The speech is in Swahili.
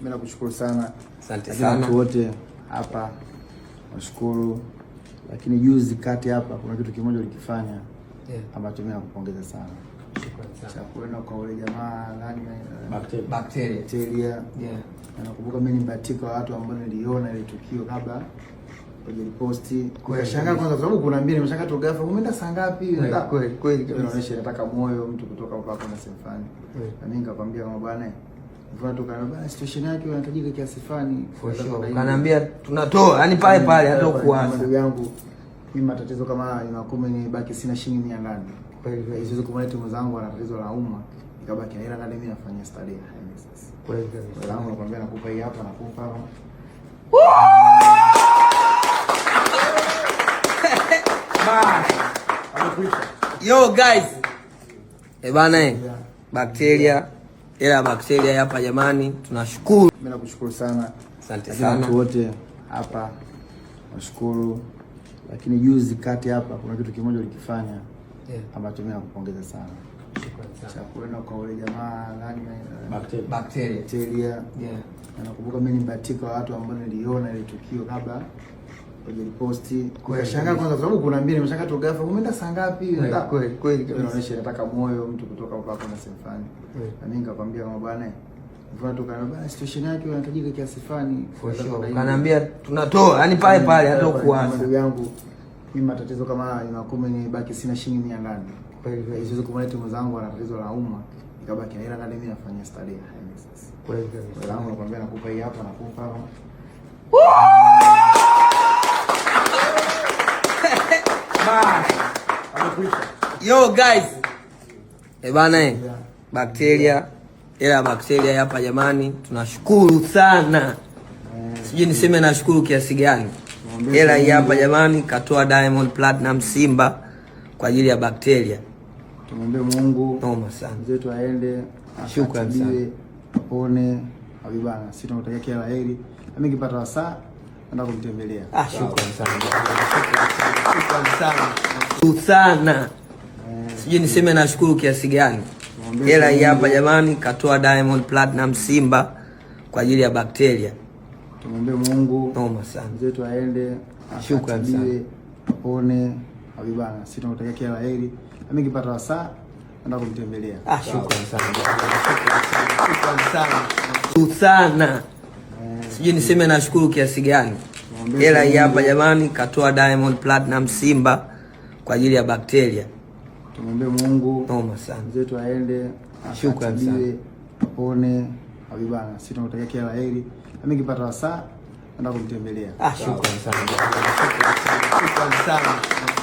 mimi nakushukuru sana. Asante sana. Watu wote hapa nashukuru, lakini juzi kati hapa kuna kitu kimoja ulikifanya yeah, ambacho mimi nakupongeza sana cha kwenda kwa ule jamaa nani, eh, na Nakumbuka mimi ni mbatika wa watu ambao niliona ile tukio kabla hujaliposti kwa shanga kwanza, kwa sababu kuna mbili nimeshanga tu gafa, umeenda saa ngapi? Kweli kweli, inaonyesha nataka moyo mtu kutoka hapo na sehemu fulani, na mimi nikakwambia kama bwana tunatoka situation yake unahitajika kiasi fulani, for sure kanaambia tunatoa, yani pale pale, hata ukuanza. Ndugu yangu, mimi matatizo kama haya inakume ni baki sina shilingi mia ngapi, kwa hiyo hizo kama mwenzangu ana tatizo la umma ikabaki hela nani, mimi nafanya study sasa. Kwa hiyo wenzangu nakwambia, nakupa hii hapa, nakupa hapa Yo guys, ebana, eh, eh. bakteria Hela ya bakteria hapa jamani, tunashukuru. Mimi nakushukuru sana, asante sana watu wote hapa nashukuru. Lakini juzi kati hapa kuna kitu kimoja ulikifanya yeah, ambacho mimi nakupongeza sana cha kwenda kwa ule jamaa nani, eh, bakteria bakteria, yeah. Nakumbuka mimi ni mbatika wa watu ambao niliona ile tukio kabla Niliposti ukashangaa kwanza, kwa sababu kuna mbili, nimeshangaa tu ghafla, umeenda saa ngapi? Kweli nataka moyo mtu kutoka hapo na sehemu fulani, na mimi nikakwambia kama bwana situation yake unahitajika kiasi fulani. Kanaambia tunatoa, yani pale pale hata kuanza. Ndugu yangu mimi matatizo kama haya ni ni baki sina shilingi 100 ndani. Kwa hivyo hizo kama ana tatizo la umma. Ikabaki na hela ndani mimi nafanya study. Kwa hivyo mwenzangu anakuambia nakupa hii hapa nakupa hapa. Yo guys. E, eh, bana bakteria hela ya bakteria hapa jamani, tunashukuru sana. Sijui niseme nashukuru kiasi gani. Hela hii hapa jamani, katoa Diamond Platinum Simba kwa ajili ya bakteria. Tumwombe Mungu. Noma sana. zetu aende. Shukrani sana. Apone. bana sisi tunakutakia kila la heri. Mimi nikipata wasaa naenda kumtembelea. Ah, shukrani sana. Shukrani sana nashukuru sana, sijui niseme nashukuru kiasi gani. Hela hii hapa jamani, katoa Diamond Platinum Simba kwa ajili ya bakteria. Tumwombe Mungu noma sana zetu aende, shukrani sana, apone habibana, sisi tunakutakia kila laheri, heri, kipata nikipata wasaa naenda kumtembelea. Ah, shukrani sana, shukrani sana, shukrani sana, eh, sijui niseme nashukuru kiasi gani. Hela hii hapa jamani, katoa Diamond Platinum Simba kwa ajili ya bakteria. Tumwombe Mungu noma sana mzetu aende, shukrani sana, apone habibana. Sisi tunakutakia kila la heri, Mimi kipata wasaa naenda kumtembelea. Ah, shukrani sana, shukrani sana.